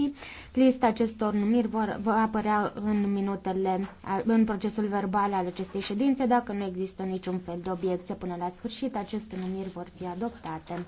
comisii. Lista acestor numiri vor, vor apărea în minutele, în procesul verbal al acestei ședințe. Dacă nu există niciun fel de obiecție până la sfârșit, aceste numiri vor fi adoptate.